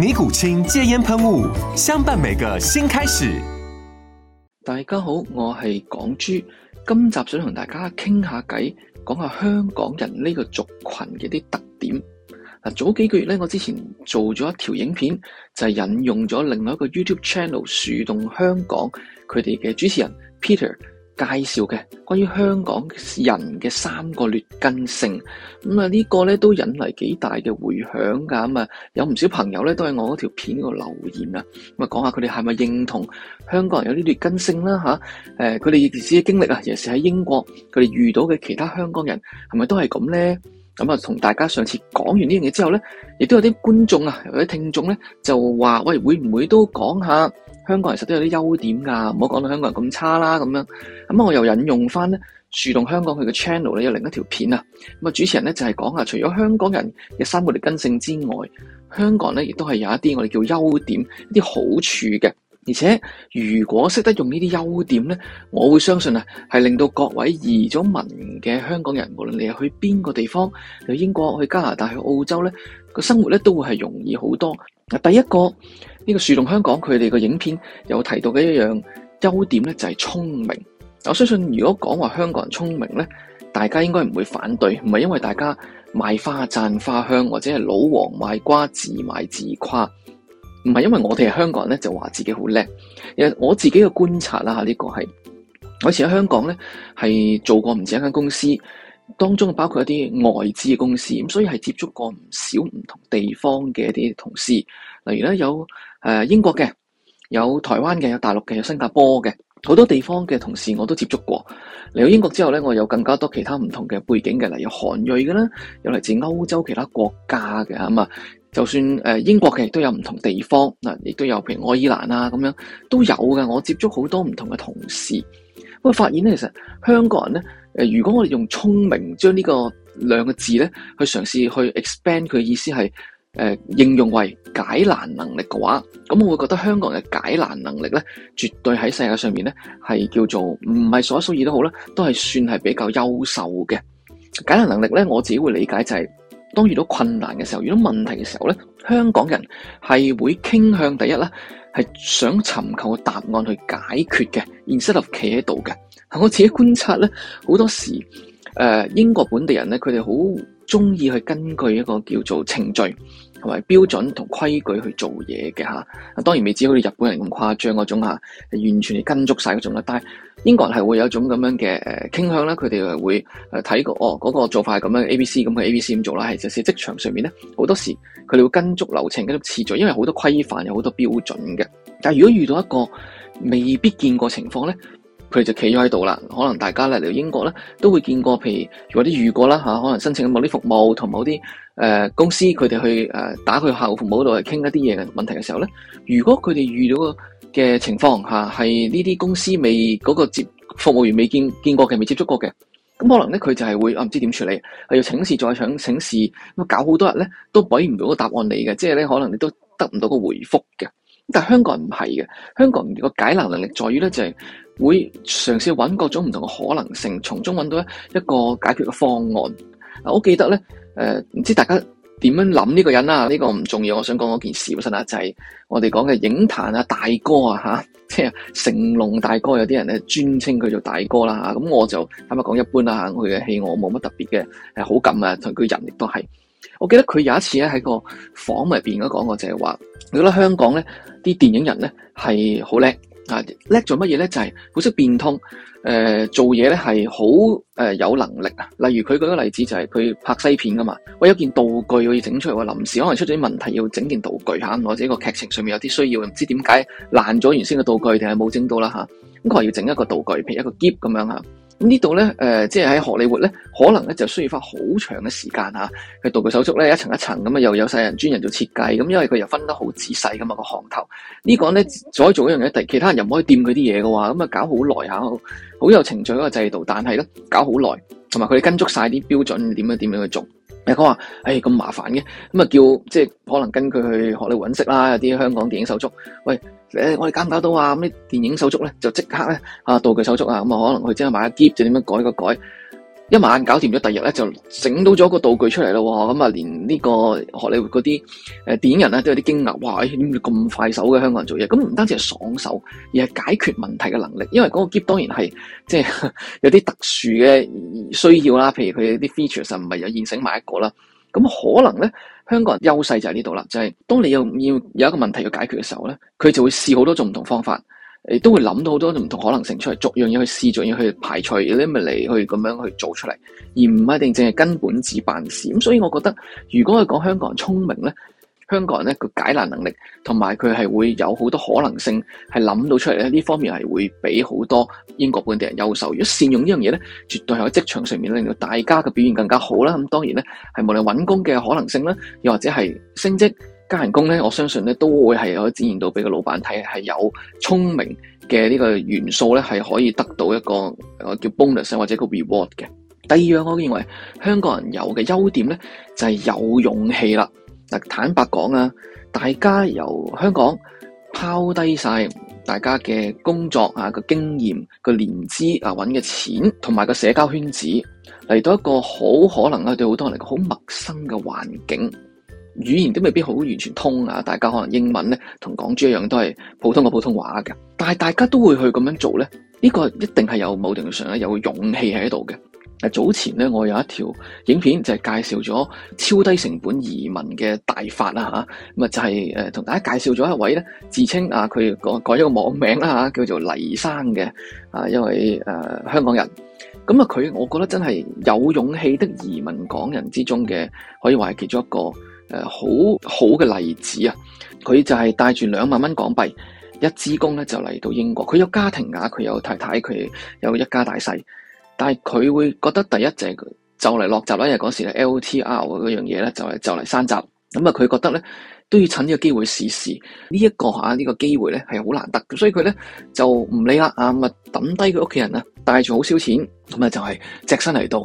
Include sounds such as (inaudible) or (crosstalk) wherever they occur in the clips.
尼古清戒煙噴霧，相伴每個新開始。大家好，我係港豬，今集想同大家傾下偈，講下香港人呢個族群嘅啲特點。嗱，早幾個月咧，我之前做咗一條影片，就係、是、引用咗另外一個 YouTube channel 樹洞香港佢哋嘅主持人 Peter。介紹嘅關於香港人嘅三個劣根性，咁、嗯、啊、這個、呢個咧都引嚟幾大嘅迴響㗎。咁啊，有唔少朋友咧都喺我嗰條片度留言啊，咁、嗯、啊講下佢哋係咪認同香港人有啲劣根性啦嚇？誒、啊，佢哋以前嘅經歷啊，尤其是喺英國佢哋遇到嘅其他香港人係咪都係咁咧？咁、嗯、啊，同、嗯、大家上次講完呢樣嘢之後咧，亦都有啲觀眾啊，有啲聽眾咧就話喂，會唔會都講下香港人其實都有啲優點㗎，唔好講到香港人咁差啦咁樣。咁我又引用翻咧樹棟香港佢嘅 channel 咧，有另一條片啊。咁啊主持人咧就係、是、講啊，除咗香港人嘅生活劣根性之外，香港咧亦都係有一啲我哋叫優點、一啲好處嘅。而且如果識得用呢啲優點咧，我會相信啊，係令到各位移咗民嘅香港人，無論你係去邊個地方，去英國、去加拿大、去澳洲咧，個生活咧都會係容易好多。嗱，第一個。呢個樹洞香港，佢哋個影片有提到嘅一樣優點呢，就係聰明。我相信如果講話香港人聰明呢，大家應該唔會反對，唔係因為大家賣花讚花香，或者係老王賣瓜自賣自誇，唔係因為我哋係香港人呢，就話自己好叻。其實我自己嘅觀察啦呢，呢個係我以前喺香港呢，係做過唔止一間公司。當中包括一啲外資嘅公司，咁所以係接觸過唔少唔同地方嘅一啲同事。例如咧有、呃、英國嘅，有台灣嘅，有大陸嘅，有新加坡嘅，好多地方嘅同事我都接觸過。嚟到英國之後咧，我有更加多其他唔同嘅背景嘅，例如韓裔嘅啦，有嚟自歐洲其他國家嘅咁啊。就算、呃、英國嘅亦都有唔同地方嗱，亦都有譬如愛爾蘭啊咁樣都有㗎。我接觸好多唔同嘅同事，咁啊發現咧，其實香港人咧。誒，如果我哋用聰明將呢個兩個字咧，去嘗試去 expand 佢意思係誒、呃、應用為解難能力嘅話，咁我會覺得香港人嘅解難能力咧，絕對喺世界上面咧係叫做唔係數一數二都好啦，都係算係比較優秀嘅解難能力咧。我自己會理解就係、是。當遇到困難嘅時候，遇到問題嘅時候咧，香港人係會傾向第一啦，係想尋求答案去解決嘅，而唔適合企喺度嘅。我自己觀察咧，好多時誒、呃、英國本地人咧，佢哋好中意去根據一個叫做程序同埋標準同規矩去做嘢嘅嚇，當然未至於好似日本人咁誇張嗰種完全係跟足晒嗰種啦。但係英國人係會有一種咁樣嘅誒傾向啦。佢哋係會睇過哦，嗰個做法係咁樣 A B C 咁嘅 A B C 咁做啦，係即係職場上面咧好多時佢哋會跟足流程跟足次序，因為好多規範有好多標準嘅。但如果遇到一個未必見過情況咧。佢哋就企咗喺度啦。可能大家嚟嚟到英國咧都會見過，譬如如果啲遇過啦、啊、可能申請某啲服務同某啲誒、呃、公司，佢哋去誒打去客戶服務嗰度嚟傾一啲嘢嘅問題嘅時候咧，如果佢哋遇到嘅情況嚇係呢啲公司未嗰、嗰個接服務員未見見過嘅，未接觸過嘅，咁可能咧佢就係會啊唔知點處理，係要請示再請請示，咁搞好多日咧都俾唔到個答案你嘅，即係咧可能你都得唔到個回覆嘅。但香港唔係嘅，香港個解難能力在於咧就係、是。會嘗試揾各種唔同嘅可能性，從中揾到一一個解決嘅方案。我記得咧，誒、呃，唔知大家點樣諗呢個人啦？呢、這個唔重要。我想講嗰件事本身啦，就係、是、我哋講嘅影壇啊，大哥啊，吓，即係成龍大哥，有啲人咧專稱佢做大哥啦，吓、啊。咁我就坦白講一般啦，佢嘅戲我冇乜特別嘅，係好感啊，同佢人亦都係。我記得佢有一次咧喺個房入邊嗰講過，就係、是、話，你覺得香港咧啲電影人咧係好叻。叻做乜嘢咧？就係好識變通，誒、呃、做嘢咧係好誒有能力啊。例如佢舉個例子就係佢拍西片噶嘛，我有件道具我要整出嚟，我臨時可能出咗啲問題要整件道具吓，或者個劇情上面有啲需要，唔知點解爛咗原先嘅道具定係冇整到啦吓，咁佢話要整一個道具，譬如一個喼咁樣吓。咁呢度咧，誒、呃，即係喺荷里活咧，可能咧就需要花好長嘅時間嚇，去讀個手足咧，一層一層咁啊，又有曬人專人做設計，咁因為佢又分得好仔細㗎嘛個行頭，這個、呢個咧再可以做一樣嘢，第其他人又唔可以掂佢啲嘢嘅話，咁、嗯、啊搞好耐下，好有程序嗰個制度，但係咧搞好耐，同埋佢哋跟足晒啲標準點樣點樣去做，佢講話，咁、哎、麻煩嘅，咁、嗯、啊叫即係可能跟佢去荷里活揾食啦，有啲香港電影手足，喂。嗯、我哋搞唔搞到啊？咁啲電影手足咧，就即刻咧啊道具手足啊，咁、嗯、啊可能佢即刻買一 kit，就點樣改個改，一晚搞掂咗，第二日咧就整到咗個道具出嚟咯喎！咁啊、嗯，連呢、呢個荷里活嗰啲電影人咧都有啲驚訝，哇！點咁快手嘅香港人做嘢？咁唔單止係爽手，而係解決問題嘅能力。因為嗰個 kit 當然係即係有啲特殊嘅需要啦，譬如佢啲 features 唔係有現成買一個啦。咁可能咧。香港人優勢就喺呢度啦，就係、係、當你又要有一個問題要解決嘅時候咧，佢就會試好多種唔同方法，誒都會諗到好多種唔同可能性出嚟，逐樣嘢去試，逐樣去排除，有啲咪嚟去咁樣去做出嚟，而唔係一定淨係根本子辦事。咁所以我覺得，如果佢講香港人聰明咧。香港人咧，佢解難能力同埋佢係會有好多可能性，係諗到出嚟咧。呢方面係會比好多英國本地人優秀。如果善用呢樣嘢咧，絕對係喺職場上面令到大家嘅表現更加好啦。咁當然咧，係無論揾工嘅可能性啦，又或者係升職加人工咧，我相信咧都會係可以展現到俾個老闆睇係有聰明嘅呢個元素咧，係可以得到一個我叫 bonus 或者個 reward 嘅。第二樣我認為香港人有嘅優點咧，就係有勇氣啦。坦白講啊，大家由香港拋低晒大家嘅工作啊、個經驗、個年資啊、揾嘅、啊、錢同埋個社交圈子嚟到一個好可能啊，對好多人嚟講好陌生嘅環境，語言都未必好完全通啊。大家可能英文咧同港珠一樣都係普通嘅普通話嘅，但係大家都會去咁樣做咧，呢、呢個一定係有某程度上咧有勇氣喺度嘅。早前咧，我有一條影片就係、是、介紹咗超低成本移民嘅大法啦嚇，咁啊就係、是、同、呃、大家介紹咗一位咧，自稱啊佢改改咗個網名啦、啊、叫做黎生嘅啊一位、呃、香港人，咁啊佢我覺得真係有勇氣的移民港人之中嘅，可以話係其中一個誒、呃、好好嘅例子啊！佢就係帶住兩萬蚊港幣一支公咧，就嚟到英國，佢有家庭啊，佢有太太，佢有一家大細。但係佢會覺得第一就嚟落閘啦，因為嗰時咧 LTR 嗰樣嘢咧就係就嚟山閘，咁啊佢覺得咧都要趁呢個機會試試呢一、呢個下呢、呢個機會咧係好難得，咁所以佢咧就唔理啦，啊咪抌低佢屋企人啊，帶住好少錢，咁啊就係、係、隻身嚟到。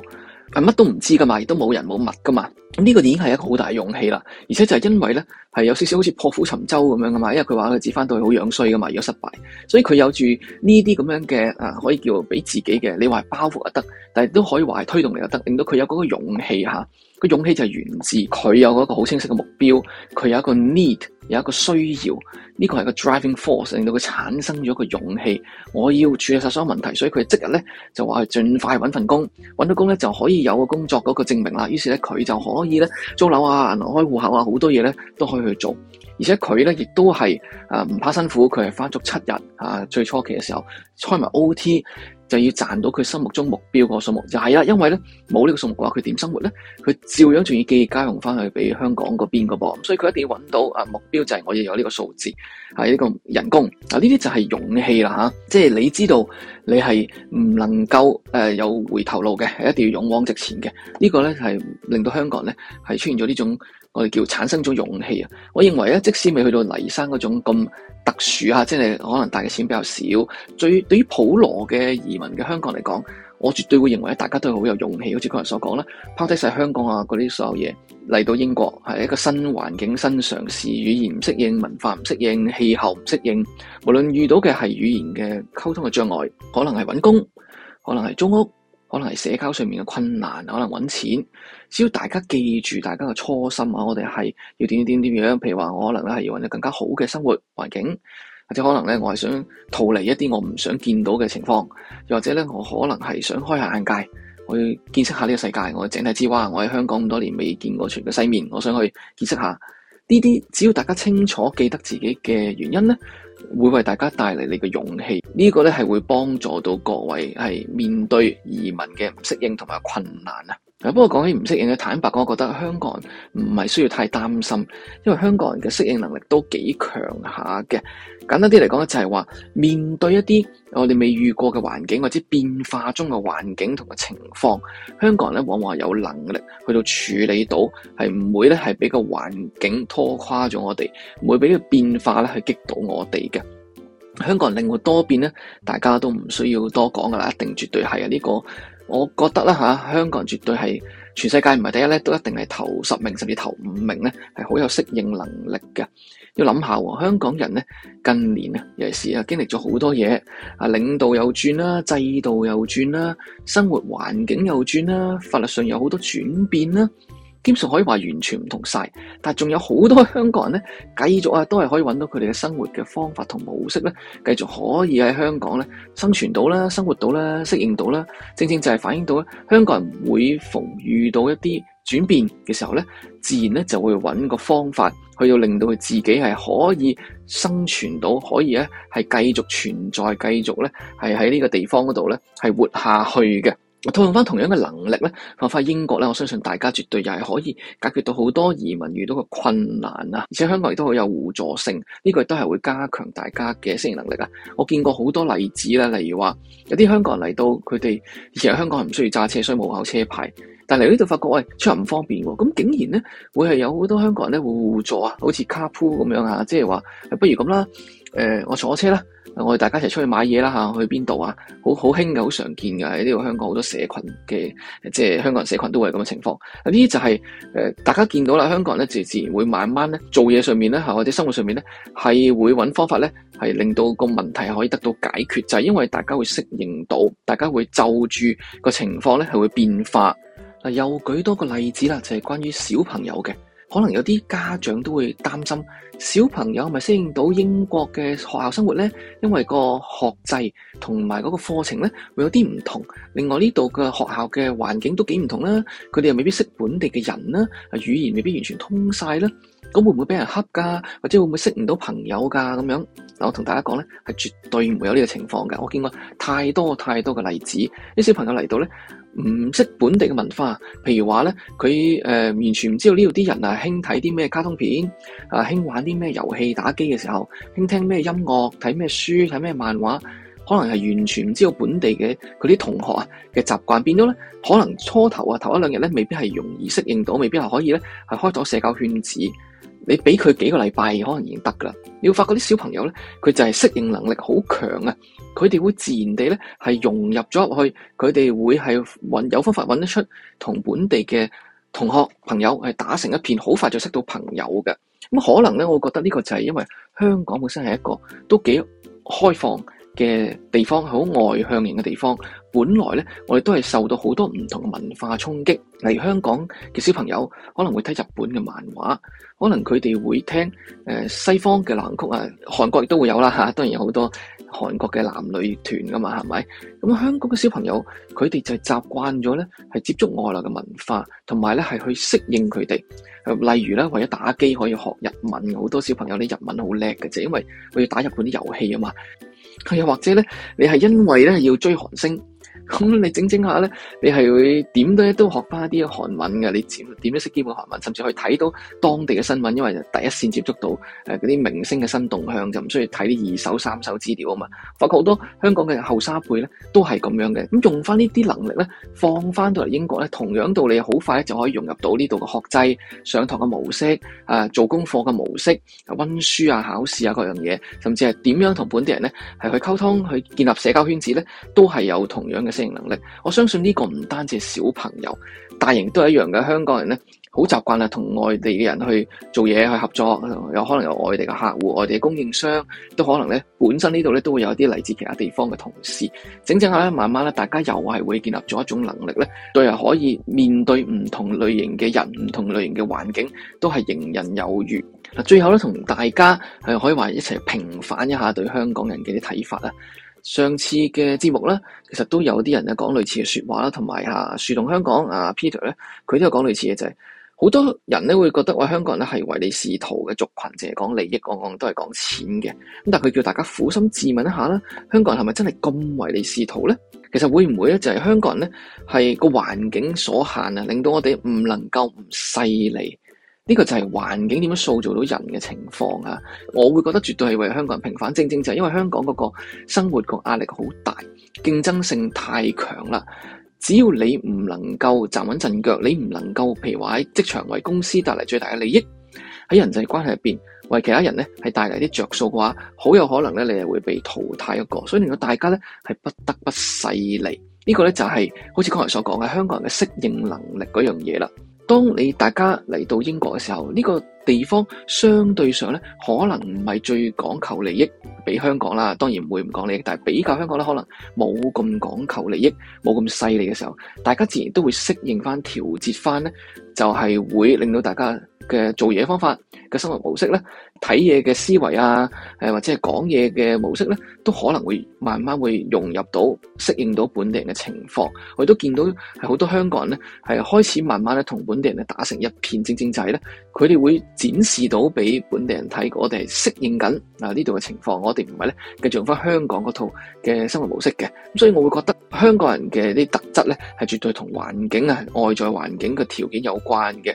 係乜都唔知噶嘛，亦都冇人冇物噶嘛。咁、這、呢個已經係一個好大勇氣啦。而且就係因為咧，係有少少好似破釜沉舟咁樣噶嘛。因為佢話佢自翻到去好樣衰噶嘛，如果失敗，所以佢有住呢啲咁樣嘅啊，可以叫俾自己嘅。你話包袱又得，但係都可以話係推動力又得，令到佢有嗰個勇氣吓。個勇氣就係源自佢有嗰個好清晰嘅目標，佢有一個 need。有一個需要，呢個係個 driving force，令到佢產生咗個勇氣。我要處理晒所有問題，所以佢即日咧就話係盡快搵份工，搵到工咧就可以有個工作嗰個證明啦。於是咧佢就可以咧租樓啊、銀行開戶口啊、好多嘢咧都可以去做。而且佢咧亦都係誒唔怕辛苦，佢係翻足七日啊，最初期嘅時候開埋 OT。就要賺到佢心目中目標個數目，就係、是、啦，因為咧冇呢個數目嘅話，佢點生活咧？佢照樣仲要寄家用翻去俾香港嗰邊個噃， (noise) 咁所以佢一定要揾到啊目標，就係我要有呢個數字，係呢個人工啊，呢啲就係勇氣啦吓、啊，即係你知道。你係唔能夠、呃、有回頭路嘅，係一定要勇往直前嘅。這個、呢個咧係令到香港咧係出現咗呢種我哋叫產生咗勇氣啊！我認為咧，即使未去到泥山嗰種咁特殊啊，即係可能帶嘅錢比較少，最對於普羅嘅移民嘅香港嚟講。我絕對會認為大家都係好有勇氣，好似嗰日所講啦，拋低晒香港啊嗰啲所有嘢嚟到英國，係一個新環境、新嘗試，語言唔適應，文化唔適應，氣候唔適應。無論遇到嘅係語言嘅溝通嘅障礙，可能係揾工，可能係租屋，可能係社交上面嘅困難，可能揾錢。只要大家記住大家嘅初心啊，我哋係要點點點點樣？譬如話，我可能咧係要揾到更加好嘅生活環境。或者可能咧，我係想逃離一啲我唔想見到嘅情況，又或者咧，我可能係想開下眼界，去見識下呢個世界。我井底之蛙，我喺香港咁多年未見過全個世面，我想去見識下。呢啲只要大家清楚記得自己嘅原因咧，會為大家帶嚟你嘅勇氣。這個、呢個咧係會幫助到各位係面對移民嘅唔適應同埋困難啊！不過講起唔適應嘅，坦白講，我覺得香港人唔係需要太擔心，因為香港人嘅適應能力都幾強下嘅。簡單啲嚟講，就係話面對一啲我哋未遇過嘅環境，或者變化中嘅環境同嘅情況，香港人咧往往有能力去到處理到，係唔會咧係俾個環境拖垮咗我哋，唔會俾個變化咧去激到我哋嘅。香港人靈活多變咧，大家都唔需要多講噶啦，一定絕對係啊！呢個我覺得咧嚇，香港人絕對係全世界唔係第一咧，都一定係頭十名，甚至頭五名咧，係好有適應能力嘅。要諗下喎，香港人咧近年啊，尤其是啊，經歷咗好多嘢，啊領導又轉啦，制度又轉啦，生活環境又轉啦，法律上有好多轉變啦。基本上可以話完全唔同晒，但仲有好多香港人呢，繼續啊都係可以揾到佢哋嘅生活嘅方法同模式呢，繼續可以喺香港呢生存到啦、生活到啦、適應到啦，正正就係反映到香港人每逢遇到一啲轉變嘅時候呢，自然呢就會揾個方法去到令到佢自己係可以生存到，可以呢係繼續存在、繼續呢係喺呢個地方嗰度呢係活下去嘅。套用翻同樣嘅能力咧，放翻英國咧，我相信大家絕對又係可以解決到好多移民遇到嘅困難啊！而且香港亦都好有互助性，呢個亦都係會加強大家嘅適應能力啊！我見過好多例子啦，例如話有啲香港人嚟到佢哋，以前香港係唔需要揸車，所以冇考車牌，但嚟呢度發覺，喂、哎、出入唔方便喎，咁竟然咧會係有好多香港人咧會互助啊，好似 carpool 咁樣啊，即係話不如咁啦，誒、呃、我坐車啦。我哋大家一齊出去買嘢啦吓，去邊度啊？好好興嘅，好常見嘅，喺呢度香港好多社群嘅，即係香港人社群都會係咁嘅情況。呢啲就係、是、誒、呃，大家見到啦，香港人咧自自然會慢慢咧做嘢上面咧，或者生活上面咧，係會揾方法咧，係令到個問題係可以得到解決，就係、是、因為大家會適應到，大家會就住個情況咧係會變化。嗱，又舉多個例子啦，就係、是、關於小朋友嘅。可能有啲家長都會擔心小朋友係咪適應到英國嘅學校生活呢？因為個學制同埋個課程呢會有啲唔同。另外呢度嘅學校嘅環境都幾唔同啦，佢哋又未必識本地嘅人啦，啊，語言未必完全通晒啦。咁會唔會俾人恰㗎？或者會唔會識唔到朋友㗎？咁樣嗱，我同大家講咧，係絕對唔會有呢個情況嘅。我見過太多太多嘅例子，啲小朋友嚟到咧，唔識本地嘅文化，譬如話咧，佢、呃、完全唔知道呢度啲人啊，興睇啲咩卡通片，啊，興玩啲咩遊戲打機嘅時候，興聽咩音樂，睇咩書，睇咩漫畫，可能係完全唔知道本地嘅佢啲同學啊嘅習慣，變咗咧，可能初頭啊，頭一兩日咧，未必係容易適應到，未必係可以咧，係開咗社交圈子。你俾佢幾個禮拜，可能已經得㗎喇。你要發覺啲小朋友咧，佢就係適應能力好強啊！佢哋會自然地咧，係融入咗入去，佢哋會係搵有方法搵得出同本地嘅同學朋友係打成一片，好快就識到朋友嘅。咁可能咧，我覺得呢個就係因為香港本身係一個都幾開放嘅地方，好外向型嘅地方。本來咧，我哋都係受到好多唔同嘅文化衝擊。例如香港嘅小朋友可能會睇日本嘅漫畫，可能佢哋會聽、呃、西方嘅流行曲啊，韓國亦都會有啦嚇，當然有好多韓國嘅男女團噶嘛，係咪？咁香港嘅小朋友佢哋就係習慣咗咧，係接觸外來嘅文化，同埋咧係去適應佢哋。例如咧，為咗打機可以學日文，好多小朋友你日文好叻㗎啫，因為我要打日本啲遊戲啊嘛。佢又或者咧，你係因為咧要追韓星。咁你整整下咧，你係會點都學翻一啲韓文嘅，你點都識基本韓文，甚至可以睇到當地嘅新聞，因為第一線接觸到嗰啲明星嘅新動向，就唔需要睇啲二手三手資料啊嘛。包括好多香港嘅後沙輩咧，都係咁樣嘅。咁用翻呢啲能力咧，放翻到嚟英國咧，同樣道理好快咧就可以融入到呢度嘅學制、上堂嘅模式、啊做功課嘅模式、温書啊、考試啊各樣嘢，甚至係點樣同本地人咧係去溝通、去建立社交圈子咧，都係有同樣嘅適應能力，我相信呢個唔單止係小朋友，大型都係一樣嘅。香港人呢，好習慣啦、啊，同外地嘅人去做嘢去合作，有可能有外地嘅客戶、外地嘅供應商，都可能呢本身呢度都會有一啲嚟自其他地方嘅同事。整整下呢，慢慢呢，大家又係會建立咗一種能力呢，就係可以面對唔同類型嘅人、唔同類型嘅環境，都係迎刃有餘。嗱，最後呢，同大家係可以話一齊平反一下對香港人嘅啲睇法啊！上次嘅節目咧，其實都有啲人咧講類似嘅説話啦，同埋嚇樹同香港啊 Peter 咧，佢都有講類似嘅，就係。就係好多人咧會覺得話香港人咧係唯利是圖嘅族群，淨係講利益，個個都係講錢嘅。咁但係佢叫大家苦心自問一下啦，香港人係咪真係咁唯利是圖咧？其實會唔會咧就係香港人咧係個環境所限啊，令到我哋唔能夠唔勢利。呢、個就係環境點樣塑造到人嘅情況啊！我會覺得絕對係為香港人平反，正正就係因為香港嗰個生活個壓力好大，競爭性太強啦。只要你唔能夠站穩陣腳，你唔能夠，譬如話喺職場為公司帶嚟最大嘅利益，喺人際關係入邊為其他人呢係帶嚟啲着數嘅話，好有可能呢你係會被淘汰一個。所以令到大家呢係不得不勢利，呢、個呢就係好似剛才所講嘅香港人嘅適應能力嗰樣嘢啦。當你大家嚟到英國嘅時候，呢個地方相對上咧，可能唔係最講求利益，比香港啦，當然唔會唔講利益，但係比較香港咧，可能冇咁講求利益，冇咁犀利嘅時候，大家自然都會適應翻、調節翻咧，就係會令到大家嘅做嘢方法、嘅生活模式咧，睇嘢嘅思維啊，誒或者係講嘢嘅模式咧，都可能會慢慢會融入到適應到本地人嘅情況。我亦都見到係好多香港人咧，係開始慢慢咧同本地人咧打成一片精精，正正仔咧，佢哋會展示到俾本地人睇，我哋係適應緊嗱呢度嘅情況，我哋唔係咧繼續用翻香港嗰套嘅生活模式嘅。咁所以，我會覺得香港人嘅啲特質咧，係絕對同環境啊外在環境嘅條件有關嘅。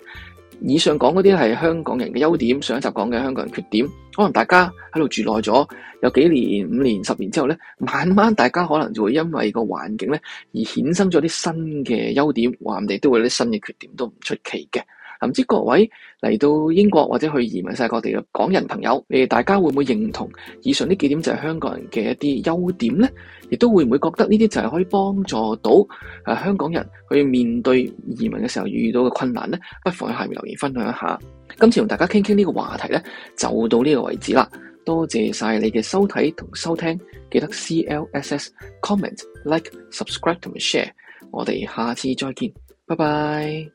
以上講嗰啲係香港人嘅優點，上一集講嘅香港人缺點，可能大家喺度住耐咗，有幾年、五年、十年之後咧，慢慢大家可能就會因為個環境咧而衍生咗啲新嘅優點，話唔定都會有啲新嘅缺點，都唔出奇嘅。唔知各位嚟到英國或者去移民晒各地嘅港人朋友，你哋大家會唔會認同以上呢幾點就係香港人嘅一啲優點呢？亦都會唔會覺得呢啲就係可以幫助到誒、啊、香港人去面對移民嘅時候遇到嘅困難呢？不妨喺下面留言分享一下。今次同大家傾傾呢個話題呢，就到呢個位置啦。多謝晒你嘅收睇同收聽，記得 C L S S comment like subscribe 同 share。我哋下次再見，拜拜。